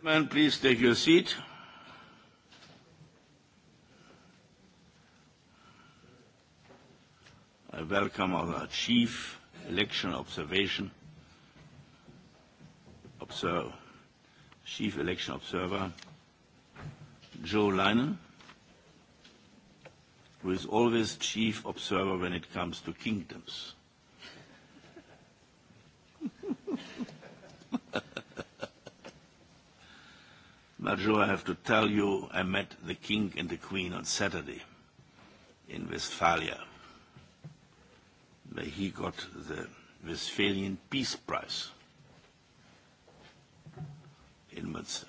Gentlemen, please take your seat. I welcome our chief election observation observer, chief election observer, Joe Leinen, who is always chief observer when it comes to kingdoms. Marjo, I have to tell you, I met the king and the queen on Saturday in Westphalia, where he got the Westphalian Peace Prize in Munster,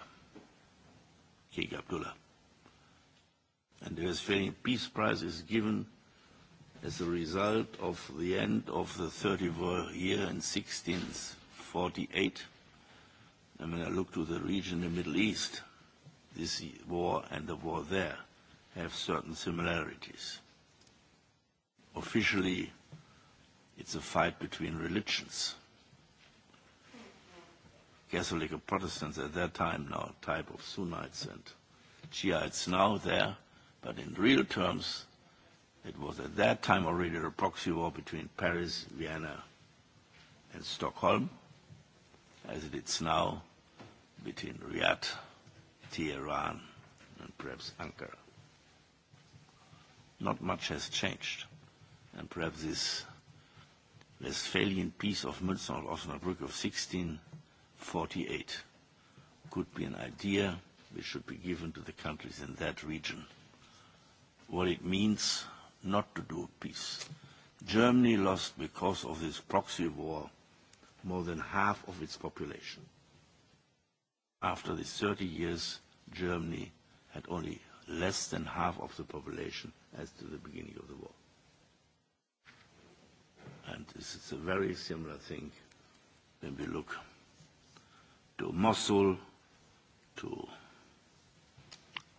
King Abdullah. And the Westphalian Peace Prize is given as a result of the end of the Thirty War Year in 1648. And when I look to the region in the Middle East, this war and the war there have certain similarities. Officially, it's a fight between religions. Catholic and Protestants at that time now, type of Sunnites and Shiites now there, but in real terms, it was at that time already a proxy war between Paris, Vienna, and Stockholm, as it is now between Riyadh Tehran and perhaps Ankara. Not much has changed. And perhaps this Westphalian peace of Münster and Osnabrück of 1648 could be an idea which should be given to the countries in that region. What it means not to do peace. Germany lost because of this proxy war more than half of its population after the 30 years, Germany had only less than half of the population as to the beginning of the war. And this is a very similar thing when we look to Mosul, to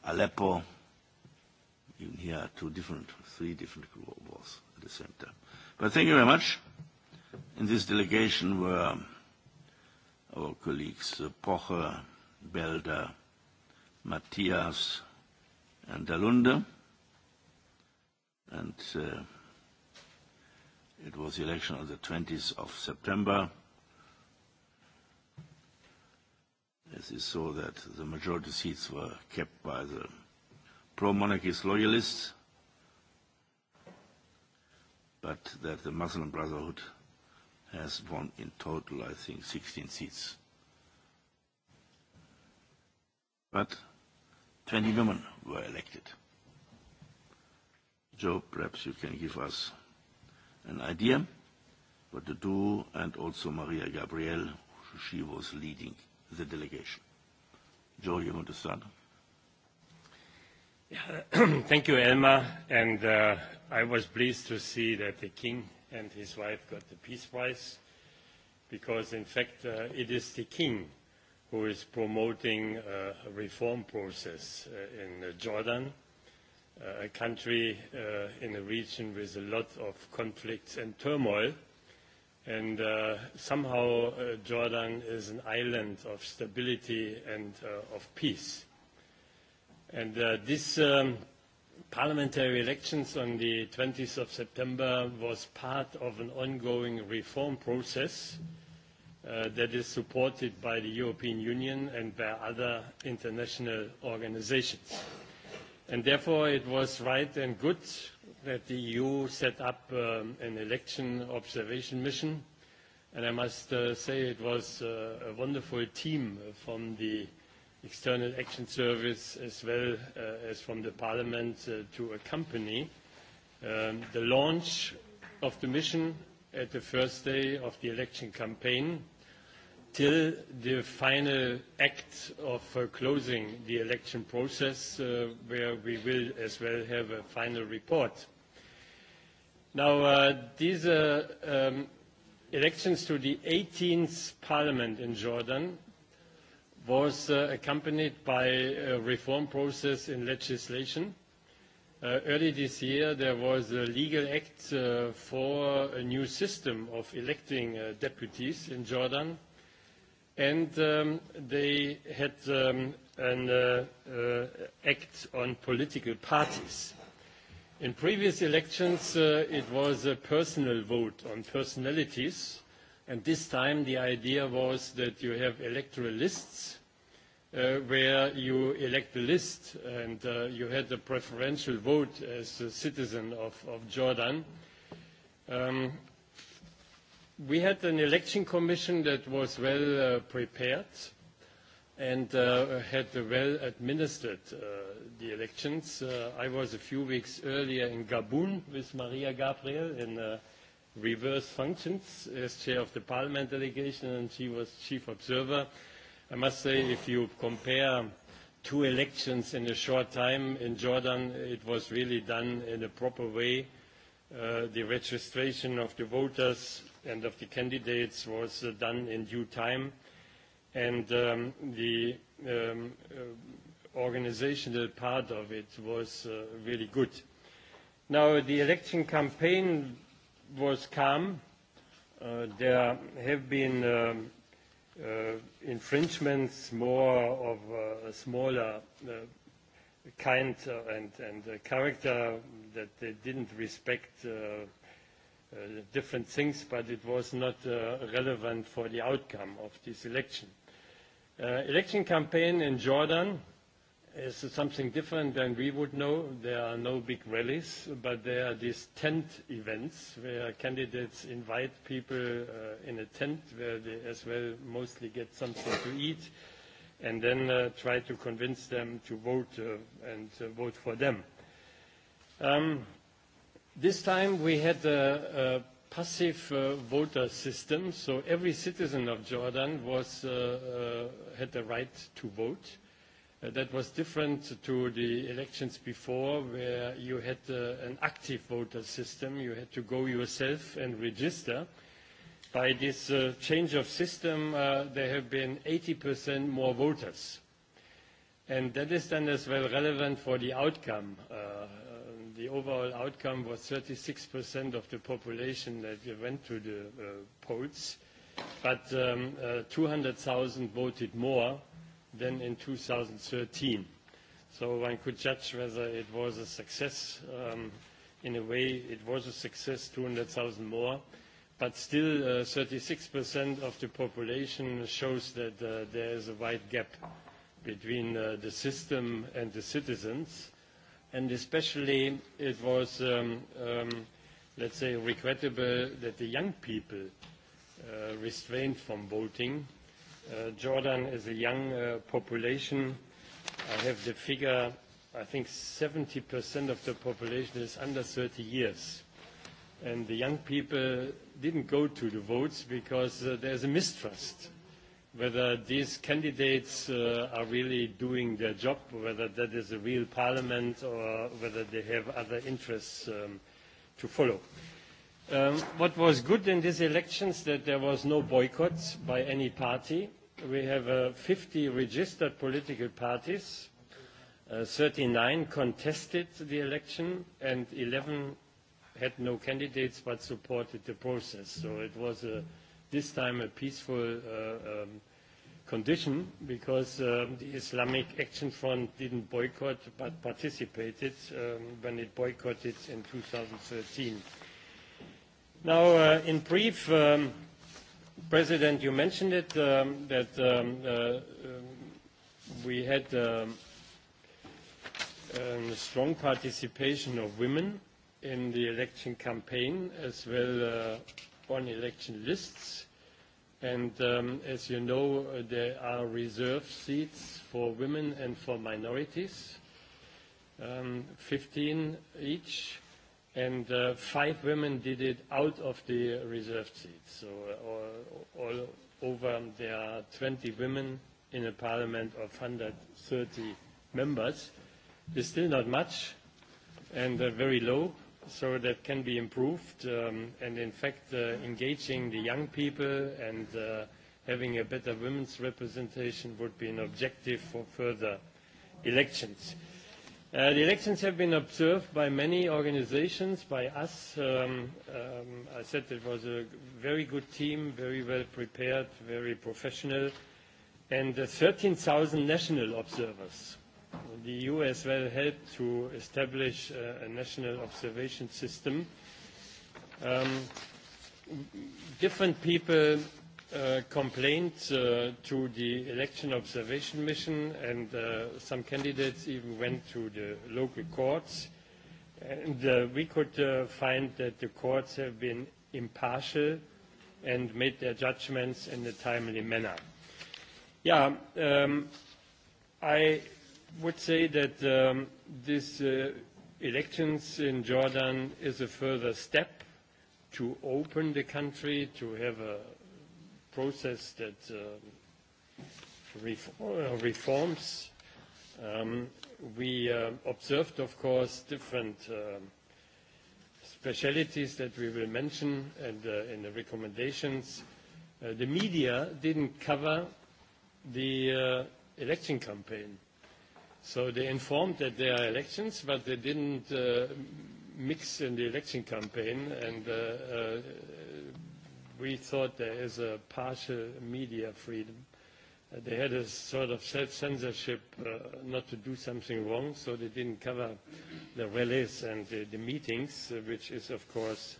Aleppo, even here two different, three different wars at the same time. But thank you very much. In this delegation were our colleagues uh, Pocher, Belder, Matthias and Alunde. And uh, it was the election on the 20th of September. As you saw that the majority seats were kept by the pro-monarchist loyalists, but that the Muslim Brotherhood has won in total, I think, 16 seats but 20 women were elected. So perhaps you can give us an idea what to do, and also Maria Gabriel, she was leading the delegation. Joe, you want to start? Yeah, thank you, Elma, And uh, I was pleased to see that the king and his wife got the Peace Prize, because in fact uh, it is the king who is promoting uh, a reform process uh, in uh, Jordan, a country in a region with a lot of conflicts and turmoil. And somehow Jordan is an island of stability and of peace. And this um, parliamentary elections on the 20th of September was part of an ongoing reform process. Uh, that is supported by the European Union and by other international organizations. And therefore, it was right and good that the EU set up um, an election observation mission. And I must uh, say it was uh, a wonderful team from the External Action Service as well uh, as from the Parliament uh, to accompany um, the launch of the mission at the first day of the election campaign till the final act of uh, closing the election process uh, where we will as well have a final report. Now, uh, these uh, um, elections to the 18th parliament in Jordan was uh, accompanied by a reform process in legislation – Uh, early this year, there was a legal act uh, for a new system of electing uh, deputies in Jordan, and um, they had um, an act on political parties. In previous elections, it was a personal vote on personalities, and this time the idea was that you have electoral lists Uh, where you elect the list and uh, you had a preferential vote as a citizen of, of Jordan. Um, we had an election commission that was well uh, prepared and uh, had well administered uh, the elections. I was a few weeks earlier in Gabun with Maria Gabriel in reverse functions as chair of the parliament delegation and she was chief observer i must say, if you compare two elections in a short time in Jordan, it was really done in a proper way. Uh, the registration of the voters and of the candidates was uh, done in due time. And um, the um, uh, organizational part of it was uh, really good. Now, the election campaign was calm. Uh, there have been um, Uh, infringements more of a smaller uh, kind uh, and, and character that they didn't respect different things, but it was not relevant for the outcome of this election. election campaign in Jordan is something different than we would know. There are no big rallies, but there are these tent events where candidates invite people uh, in a tent where they as well mostly get something to eat and then uh, try to convince them to vote uh, and vote for them. Um, this time we had a, passive voter system, so every citizen of Jordan was, had the right to vote Uh, that was different to the elections before, where you had uh, an active voter system. You had to go yourself and register. By this uh, change of system, there have been 80% more voters. And that is then as well relevant for the outcome. The overall outcome was 36% of the population that went to the polls, but um, 200,000 voted more than in 2013. So one could judge whether it was a success. Um, in a way, it was a success, 200,000 more. But still, uh, 36% of the population shows that uh, there is a wide gap between uh, the system and the citizens. And especially it was, um, um, let's say, regrettable that the young people uh, restrained from voting Uh, Jordan is a young uh, population. I have the figure, I think 70% of the population is under 30 years. And the young people didn't go to the votes because uh, there's a mistrust whether these candidates uh, are really doing their job, whether that is a real parliament or whether they have other interests um, to follow. Um, what was good in these elections that there was no boycotts by any party. We have uh, 50 registered political parties. Uh, 39 contested the election and 11 had no candidates but supported the process. So it was this time a peaceful uh, um, condition because um, the Islamic Action Front didn't boycott but participated um, when it boycotted in 2013. Now, uh, in brief, um, President, you mentioned it, um, that um, uh, um, we had a um, um, strong participation of women in the election campaign as well uh, on election lists. And as you know, uh, there are reserved seats for women and for minorities, 15 each and uh, five women did it out of the reserved seats. So uh, all, all over there are 20 women in a parliament of 130 members. It's still not much and uh, very low, so that can be improved. Um, and in fact, uh, engaging the young people and uh, having a better women's representation would be an objective for further elections. Uh, the elections have been observed by many organizations, by us. Um, um, I said it was a very good team, very well prepared, very professional, and uh, 13,000 national observers. The EU as well helped to establish uh, a national observation system. Um, different people Uh, Complaints complained uh, to the election observation mission and uh, some candidates even went to the local courts. And uh, we could uh, find that the courts have been impartial and made their judgments in a timely manner. Yeah, um, I would say that um, this uh, elections in Jordan is a further step to open the country, to have a process that uh, reform, uh, reforms. Um, we uh, observed, of course, different uh, specialities that we will mention and, uh, in the recommendations. The media didn't cover the election campaign. So they informed that there are elections, but they didn't mix in the election campaign, and we thought there is a partial media freedom. Uh, they had a sort of self-censorship uh, not to do something wrong, so they didn't cover the rallies and the, the meetings, uh, which is, of course,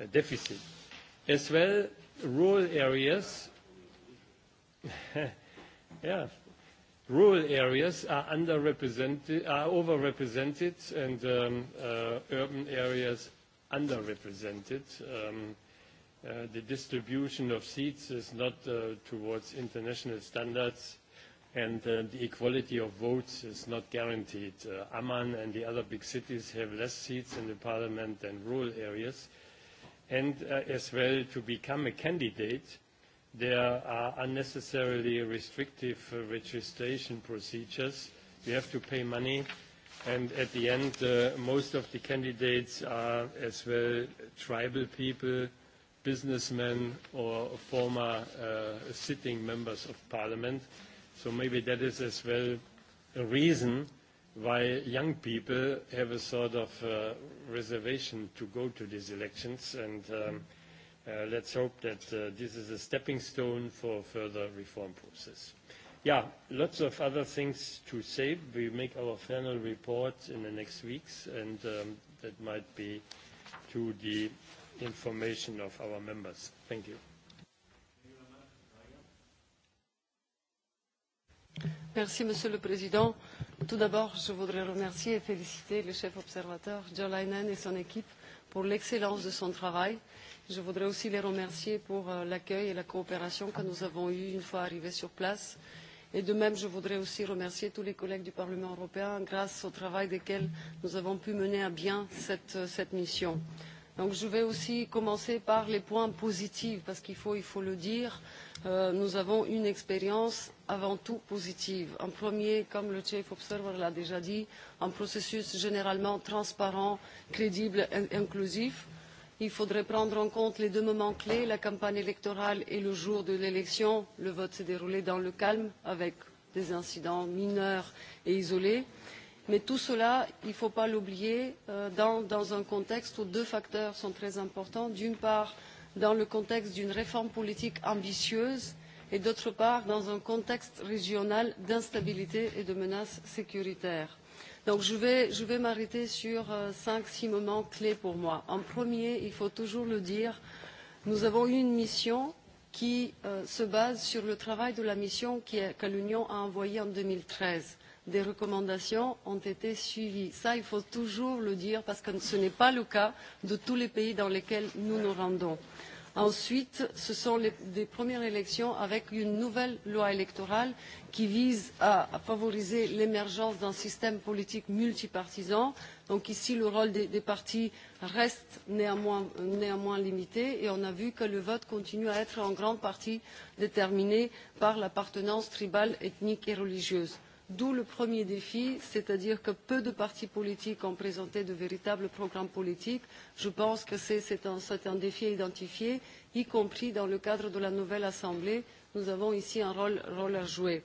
a deficit. As well, rural areas, yeah, rural areas are underrepresented, are overrepresented, and um, uh, urban areas underrepresented. Um, Uh, the distribution of seats is not uh, towards international standards and uh, the equality of votes is not guaranteed. Amman and the other big cities have less seats in the parliament than rural areas. And as well, to become a candidate, there are unnecessarily restrictive registration procedures. You have to pay money and at the end, most of the candidates are as well tribal people businessmen or former uh, sitting members of parliament. So maybe that is as well a reason why young people have a sort of uh, reservation to go to these elections. And um, uh, let's hope that uh, this is a stepping stone for further reform process. Yeah, lots of other things to say. We make our final report in the next weeks, and um, that might be to the information of our members. Thank you. Merci, Monsieur le Président. Tout d'abord, je voudrais remercier et féliciter le chef observateur Joe Leinen et son équipe pour l'excellence de son travail. Je voudrais aussi les remercier pour euh, l'accueil et la coopération que nous avons eue une fois arrivés sur place. Et de même, je voudrais aussi remercier tous les collègues du Parlement européen grâce au travail desquels nous avons pu mener à bien cette, euh, cette mission. Donc je vais aussi commencer par les points positifs parce qu'il faut, il faut le dire, euh, nous avons une expérience avant tout positive. En premier, comme le Chief Observer l'a déjà dit, un processus généralement transparent, crédible et inclusif. Il faudrait prendre en compte les deux moments clés, la campagne électorale et le jour de l'élection. Le vote s'est déroulé dans le calme avec des incidents mineurs et isolés mais tout cela il ne faut pas l'oublier euh, dans, un contexte où deux facteurs sont très importants d'une part dans le contexte d'une réforme politique ambitieuse et d'autre part dans un contexte régional d'instabilité et de menaces sécuritaires. Donc, je vais, m'arrêter sur euh, cinq six moments clés pour moi. en premier il faut toujours le dire nous avons eu une mission qui euh, se base sur le travail de la mission que l'union a envoyée en deux mille treize des recommandations ont été suivies. Ça, il faut toujours le dire parce que ce n'est pas le cas de tous les pays dans lesquels nous nous rendons. Ensuite, ce sont les des premières élections avec une nouvelle loi électorale qui vise à favoriser l'émergence d'un système politique multipartisan. Donc ici, le rôle des, des partis reste néanmoins, néanmoins limité et on a vu que le vote continue à être en grande partie déterminé par l'appartenance tribale, ethnique et religieuse d'où le premier défi c'est à dire que peu de partis politiques ont présenté de véritables programmes politiques. je pense que c'est un, défi à y compris dans le cadre de la nouvelle assemblée nous avons ici un rôle, à jouer.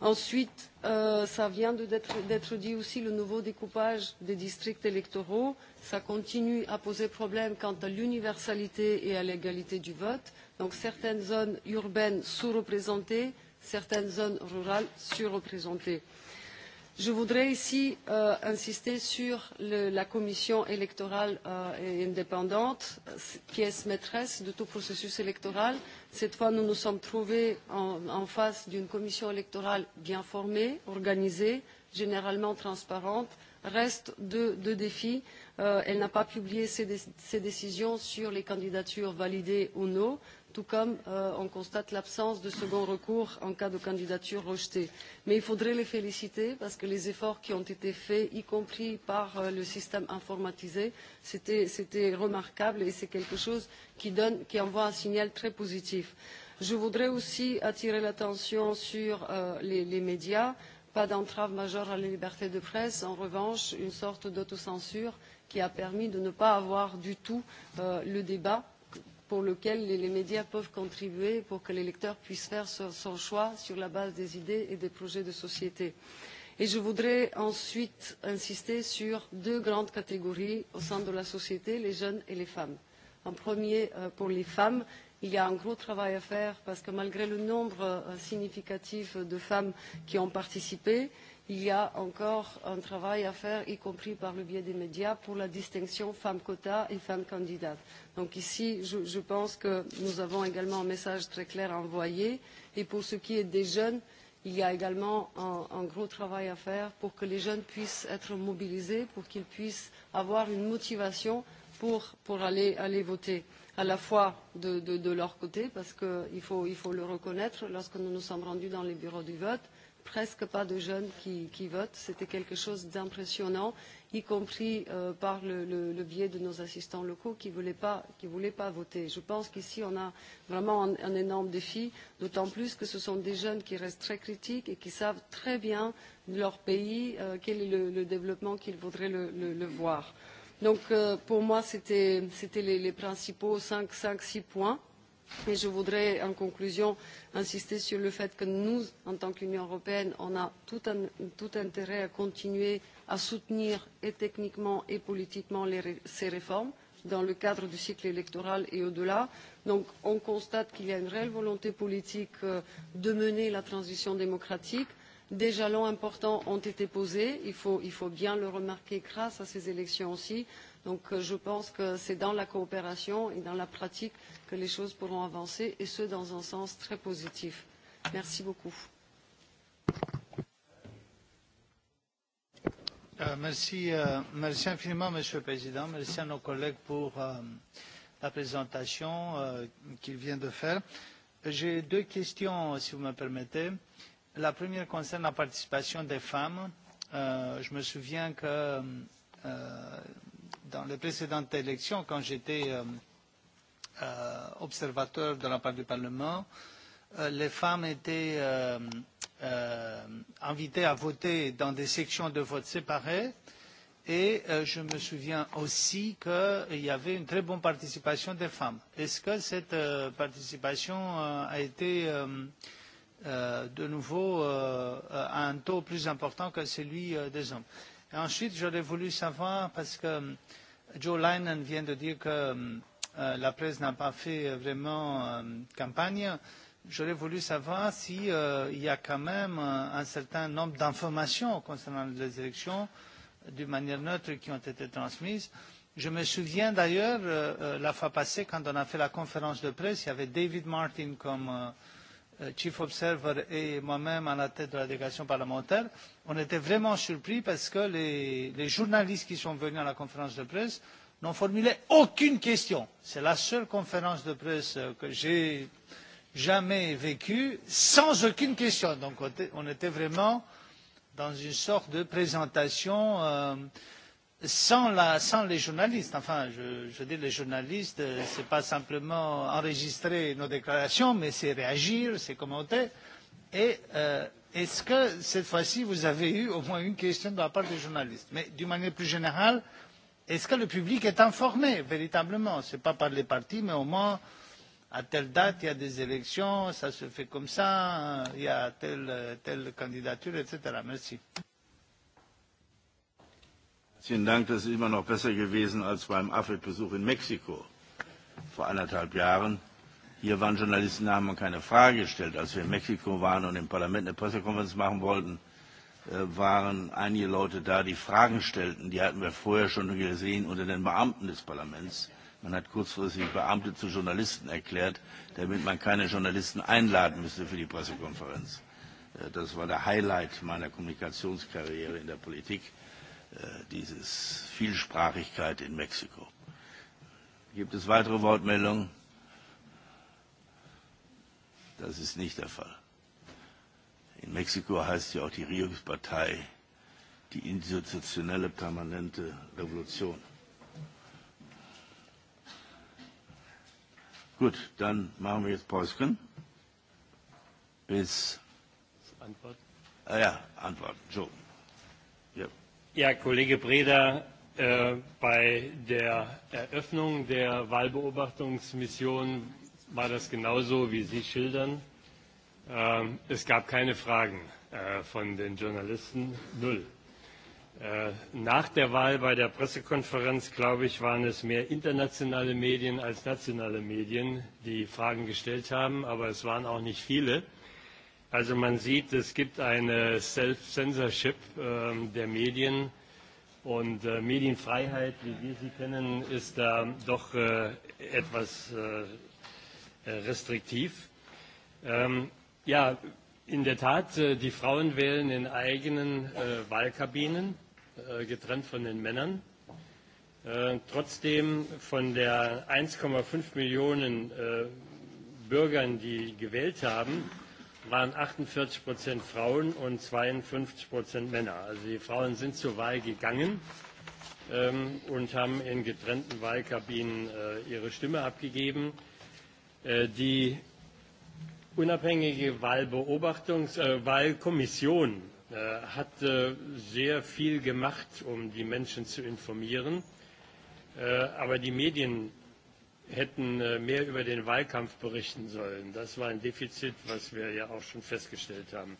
ensuite cela euh, vient d'être dit aussi le nouveau découpage des districts électoraux cela continue à poser problème quant à l'universalité et à l'égalité du vote donc certaines zones urbaines sous représentées certaines zones rurales surreprésentées. je voudrais ici euh, insister sur la commission électorale euh, indépendante est maîtresse de tout processus électoral. cette fois nous nous sommes trouvés en face d'une commission électorale bien formée organisée généralement transparente reste de défis. Euh, elle n'a pas publié ses, décisions sur les candidatures validées ou non, tout comme euh, on constate l'absence de second recours en cas de candidature rejetée. Mais il faudrait les féliciter parce que les efforts qui ont été faits, y compris par euh, le système informatisé, c'était remarquable et c'est quelque chose qui, donne, qui envoie un signal très positif. Je voudrais aussi attirer l'attention sur les, les médias pas d'entrave majeure à la liberté de presse en revanche une sorte d'autocensure qui a permis de ne pas avoir du tout euh, le débat pour lequel les, médias peuvent contribuer pour que les lecteurs puissent faire son, choix sur la base des idées et des projets de société. Et je voudrais ensuite insister sur deux grandes catégories au sein de la société les jeunes et les femmes. en premier euh, pour les femmes il y a un gros travail à faire parce que malgré le nombre euh, significatif de femmes qui ont participé il y a encore un travail à faire y compris par le biais des médias pour la distinction femmes quota et femmes candidates. donc ici je, je pense que nous avons également un message très clair à envoyer et pour ce qui est des jeunes il y a également un, un gros travail à faire pour que les jeunes puissent être mobilisés pour qu'ils puissent avoir une motivation pour, pour aller, aller voter à la fois de, de, de leur côté, parce qu'il faut, il faut le reconnaître, lorsque nous nous sommes rendus dans les bureaux du vote, presque pas de jeunes qui, qui votent. C'était quelque chose d'impressionnant, y compris euh, par le, le, le biais de nos assistants locaux qui ne voulaient, pas, voulaient pas voter. Je pense qu'ici, on a vraiment un, un énorme défi, d'autant plus que ce sont des jeunes qui restent très critiques et qui savent très bien leur pays, euh, quel est le, le développement qu'ils voudraient le, le, le voir. Donc euh, pour moi, c'était les, les principaux 5, 5, 6 points. Et je voudrais, en conclusion, insister sur le fait que nous, en tant qu'Union européenne, on a tout, un, tout intérêt à continuer à soutenir et techniquement et politiquement les, ces réformes dans le cadre du cycle électoral et au-delà. Donc on constate qu'il y a une réelle volonté politique euh, de mener la transition démocratique des jalons importants ont été posés il faut, bien le remarquer grâce à ces élections aussi donc euh, je pense que c'est dans la coopération et dans la pratique que les choses pourront avancer et ce dans un sens très positif. merci beaucoup. Euh, euh, merci, infiniment monsieur le président merci à nos collègues pour la présentation qu'ils viennent de faire. j'ai deux questions si vous me permettez. La première concerne la participation des femmes. Euh, je me souviens que euh, dans les précédentes élections, quand j'étais euh, euh observateur de la part du Parlement, euh, les femmes étaient euh, invitées à voter dans des sections de vote séparées et je me souviens aussi qu'il y avait une très bonne participation des femmes. Est-ce que cette participation a été Euh, de nouveau euh, euh, à un taux plus important que celui des hommes. Et ensuite, j'aurais voulu savoir, parce que Joe Lynan vient de dire que la presse n'a pas fait vraiment campagne, j'aurais voulu savoir s'il si, euh, y a quand même un certain nombre d'informations concernant les élections d'une manière neutre qui ont été transmises. Je me souviens d'ailleurs, euh, la fois passée, quand on a fait la conférence de presse, il y avait David Martin comme Euh, chief observer et moi-même à la tête de la délégation parlementaire, on était vraiment surpris parce que les, les journalistes qui sont venus à la conférence de presse n'ont formulé aucune question. C'est la seule conférence de presse euh, que j'ai jamais vécue sans aucune question. Donc on était vraiment dans une sorte de présentation euh, sans, la, sans les journalistes, enfin je, je dis les journalistes, euh, ce n'est pas simplement enregistrer nos déclarations, mais c'est réagir, c'est commenter. Et euh, est-ce que cette fois-ci vous avez eu au moins une question de la part des journalistes Mais d'une manière plus générale, est-ce que le public est informé véritablement Ce n'est pas par les partis, mais au moins à telle date il y a des élections, ça se fait comme ça, il y a telle, telle candidature, etc. Merci. Vielen Dank, das ist immer noch besser gewesen als beim afet besuch in Mexiko vor anderthalb Jahren. Hier waren Journalisten, haben keine Frage gestellt. Als wir in Mexiko waren und im Parlament eine Pressekonferenz machen wollten, äh, waren einige Leute da, die Fragen stellten. Die hatten wir vorher schon gesehen unter den Beamten des Parlaments. Man hat kurzfristig Beamte zu Journalisten erklärt, damit man keine Journalisten einladen müsste für die Pressekonferenz. Äh, das war der Highlight meiner Kommunikationskarriere in der Politik. Äh, dieses Vielsprachigkeit in Mexiko. Gibt es weitere Wortmeldungen? Das ist nicht der Fall. In Mexiko heißt ja auch die Regierungspartei die institutionelle permanente Revolution. Gut, dann machen wir jetzt Päuschen. Bis. Antwort? Ah ja, Antwort. Joe. Ja, Kollege Breda, äh, bei der Eröffnung der Wahlbeobachtungsmission war das genauso, wie Sie schildern. Äh, es gab keine Fragen äh, von den Journalisten, null. Äh, nach der Wahl bei der Pressekonferenz, glaube ich, waren es mehr internationale Medien als nationale Medien, die Fragen gestellt haben, aber es waren auch nicht viele. Also man sieht, es gibt eine Self-Censorship ähm, der Medien und äh, Medienfreiheit, wie wir sie kennen, ist da doch äh, etwas äh, restriktiv. Ähm, ja, in der Tat, die Frauen wählen in eigenen Wahlkabinen, getrennt von den Männern. Trotzdem von der 1,5 Millionen Bürgern, die gewählt haben, waren 48 Prozent Frauen und 52 Prozent Männer. Also die Frauen sind zur Wahl gegangen ähm, und haben in getrennten Wahlkabinen äh, ihre Stimme abgegeben. Äh, die unabhängige Wahlbeobachtungs äh, Wahlkommission äh, hat sehr viel gemacht, um die Menschen zu informieren. Äh, aber die Medien hätten äh, mehr über den Wahlkampf berichten sollen. Das war ein Defizit, was wir ja auch schon festgestellt haben.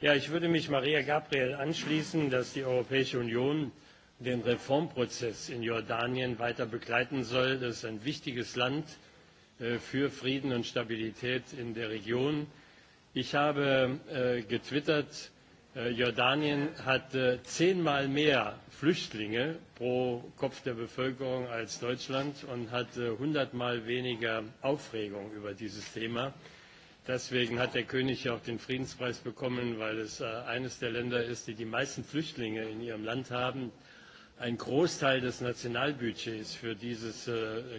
Ja, ich würde mich Maria Gabriel anschließen, dass die Europäische Union den Reformprozess in Jordanien weiter begleiten soll. Das ist ein wichtiges Land äh, für Frieden und Stabilität in der Region. Ich habe äh, getwittert, Äh, Jordanien hat äh, zehnmal mehr Flüchtlinge pro Kopf der Bevölkerung als Deutschland und hat äh, hundertmal weniger Aufregung über dieses Thema. Deswegen hat der König ja auch den Friedenspreis bekommen, weil es eines der Länder ist, die die meisten Flüchtlinge in ihrem Land haben. Ein Großteil des Nationalbudgets für dieses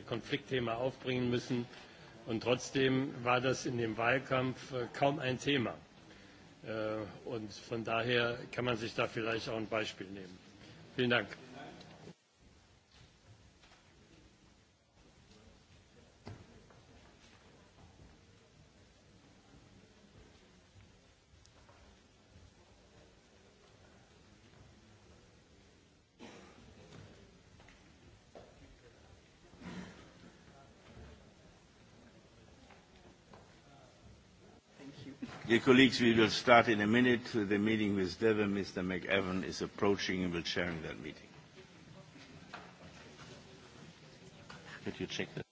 Konfliktthema aufbringen müssen. Und trotzdem war das in dem Wahlkampf kaum ein Thema Äh, und von daher kann man sich da vielleicht auch ein Beispiel nehmen. Vielen Dank. Dear colleagues, we will start in a minute the meeting with Devon. Mr. McEvan is approaching and will chair that meeting. Could you check that?